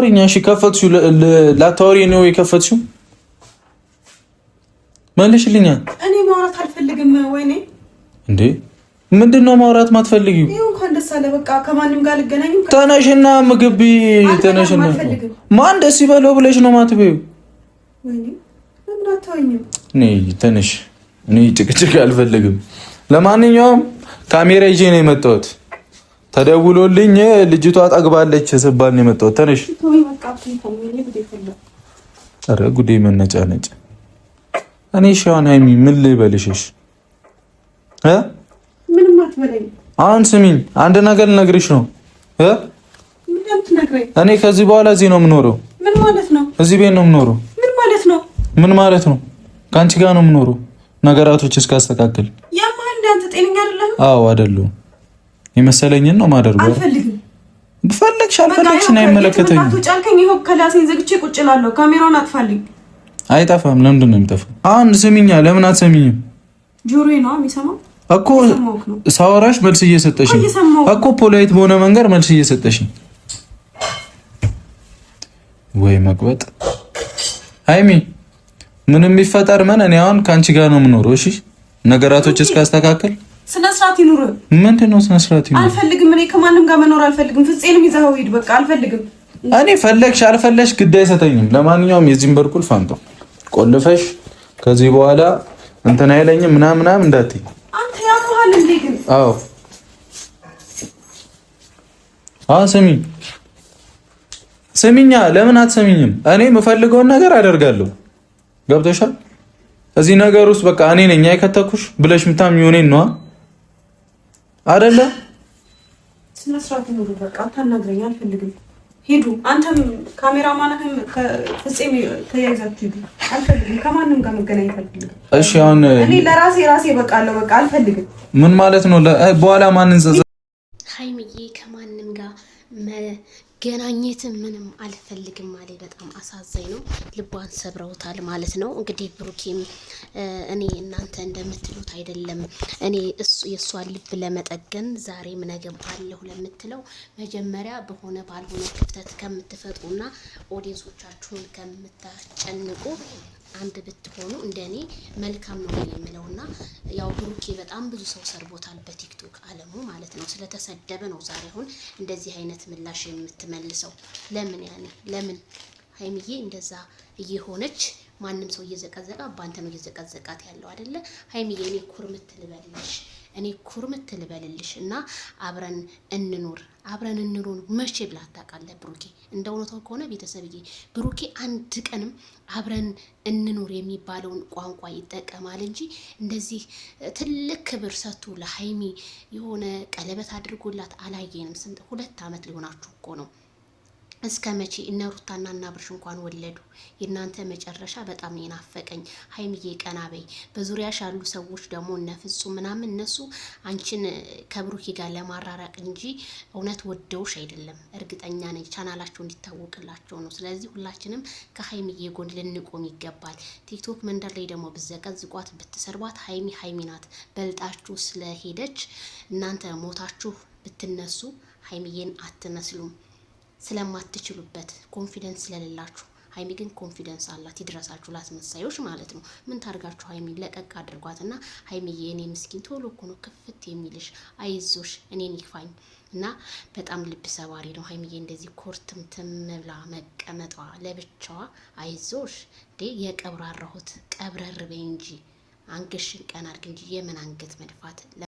አታውሪኝ። እሺ ከፈትሽው፣ ላታውሪ ነው የከፈትሽው? መልሽልኛ። እኔ ማውራት አልፈልግም። ወይኔ እንዴ ምንድን ነው ማውራት ማትፈልጊው? እንኳን ደስ አለ። በቃ ከማንም ጋር ልገናኝም። ተነሽና ምግቢ፣ ተነሽና ማን ደስ ይበለው ብለሽ ነው ማትበይው? እኔ ተነሽ፣ እኔ ጭቅጭቅ አልፈልግም። ለማንኛውም ካሜራ ይዤ ነው የመጣሁት ተደውሎልኝ ልጅቷ ጠግባለች ስባል ነው የመጣሁት። ተነሽ። ኧረ ጉዴ ነጭ። እኔ ሻውን ሀይሚ ምን ልበልሽሽ? አሁን ስሚኝ፣ አንድ ነገር ልነግርሽ ነው። እኔ ከዚህ በኋላ እዚህ ነው የምኖረው። እዚህ ቤት ነው የምኖረው። ምን ማለት ነው? ከአንቺ ጋር ነው የምኖረው ነገራቶች እስካስተካክል። አዎ አይደለሁም የመሰለኝን ነው ማደርገው። አልፈልግም። ፈለግሽ አልፈለግሽን አይመለከተኝም። ጫልከኝ ይኸው ከላሴን ዘግቼ ቁጭ እላለሁ። ካሜራውን አጥፋልኝ። አይጠፋም። ለምንድን ነው የሚጠፋው? አሁን ስሚኛ፣ ለምን አትሰሚኝም? ጆሮዬ ነው የሚሰማው እኮ ሳወራሽ መልስ እየሰጠሽ እኮ ፖላይት በሆነ መንገድ መልስ እየሰጠሽ ወይ መቅበጥ ሀይሚ ምንም የሚፈጠር ምን እኔ አሁን ከአንቺ ጋር ነው የምኖረው። እሺ ነገራቶች እስካስተካከል ስነ ስርዓት ይኑርህ። ምንድን ነው ስነ ስርዓት ይኑርህ? አልፈልግም። እኔ ከማንም ጋር መኖር አልፈልግም። ፍፄንም ይዘኸው ሂድ። በቃ አልፈልግም። እኔ ፈለግሽ አልፈለግሽ ግድ አይሰጠኝም። ለማንኛውም የዚህን በርኩል ፋንቶ ቆልፈሽ ከዚህ በኋላ እንትን አይለኝም ምናምን ምናምን እንዳትይ። አንተ ያምሃል እንዴ? ግን አዎ፣ አዎ። ስሚ ስሚኛ፣ ለምን አትሰሚኝም? እኔ የምፈልገውን ነገር አደርጋለሁ። ገብቶሻል? እዚህ ነገር ውስጥ በቃ እኔ ነኝ አይከተኩሽ ብለሽ ምታም ይሆኔ ነዋ አይደለ? ስነ ስርዓት ነው። በቃ አታናግረኝ፣ አልፈልግም። ሂዱ። አንተም ካሜራማን ፍጹም ተያይዛችሁ ሂዱ። አልፈልግም፣ ከማንም ጋር መገናኘት አልፈልግም። እሺ፣ አሁን እኔ ለራሴ ራሴ በቃ አለው። በቃ አልፈልግም። ምን ማለት ነው? በኋላ ማንን ጸጸ ሀይሚዬ ከማንም ጋር መገናኘትን ምንም አልፈልግም አለ። በጣም አሳዛኝ ነው። ልቧን ሰብረውታል ማለት ነው። እንግዲህ ብሩኬም እኔ እናንተ እንደምትሉት አይደለም። እኔ የእሷን ልብ ለመጠገን ዛሬም ነገም አለሁ ለምትለው መጀመሪያ በሆነ ባልሆነ ክፍተት ከምትፈጥሩና ኦዲየንሶቻችሁን ከምታጨንቁ አንድ ብትሆኑ እንደ እኔ መልካም ነው የምለው። የምለውና ያው ብሩኬ በጣም ብዙ ሰው ሰርቦታል በቲክቶክ አለሙ ማለት ነው። ስለተሰደበ ነው ዛሬ አሁን እንደዚህ አይነት ምላሽ የምትመ የምትመልሰው? ለምን ያኔ ለምን ሀይሚዬ እንደዛ እየሆነች ማንም ሰው እየዘቀዘቃ በአንተ ነው እየዘቀዘቃት ያለው አይደለ? ሀይሚዬ እኔ ኩርምት ልበልሽ እኔ ኩርምት ልበልልሽ እና አብረን እንኑር አብረን እንኑር መቼ ብላ ታውቃለህ? ብሩኬ እንደ እውነታው ከሆነ ቤተሰብዬ ብሩኬ አንድ ቀንም አብረን እንኑር የሚባለውን ቋንቋ ይጠቀማል እንጂ እንደዚህ ትልቅ ክብር ሰጥቶ ለሀይሚ የሆነ ቀለበት አድርጎላት አላየንም። ስንት ሁለት ዓመት ሊሆናችሁ እኮ ነው እስከ መቼ እነ ሩታና እነ ብርሽ እንኳን ወለዱ። የእናንተ መጨረሻ በጣም የናፈቀኝ። ሀይምዬ ቀና በይ። በዙሪያሽ ያሉ ሰዎች ደግሞ እነ ፍጹም ምናምን እነሱ አንቺን ከብሩኪ ጋር ለማራራቅ እንጂ እውነት ወደውሽ አይደለም። እርግጠኛ ነኝ ቻናላቸው እንዲታወቅላቸው ነው። ስለዚህ ሁላችንም ከሀይሚዬ ጎን ልንቆም ይገባል። ቲክቶክ መንደር ላይ ደግሞ ብዘቀዝቋት ብትሰርቧት፣ ሀይሚ ሀይሚ ናት በልጣችሁ ስለሄደች እናንተ ሞታችሁ ብትነሱ ሀይምዬን አትመስሉም። ስለማትችሉበት ኮንፊደንስ ስለሌላችሁ ሀይሚ ግን ኮንፊደንስ አላት። ይድረሳችሁ ላስመሳዮች ማለት ነው። ምን ታርጋችሁ ሀይሚ ለቀቅ አድርጓት እና ሀይሚ የእኔ ምስኪን ቶሎ ኮኖ ክፍት የሚልሽ አይዞሽ፣ እኔን ይክፋኝ እና በጣም ልብ ሰባሪ ነው ሀይሚዬ፣ እንደዚህ ኮርትም ትምብላ መቀመጧ ለብቻዋ። አይዞሽ ዴ የቀብራረሁት ቀብረር እንጂ አንገሽን ቀን አድርግ እንጂ የምን አንገት መድፋት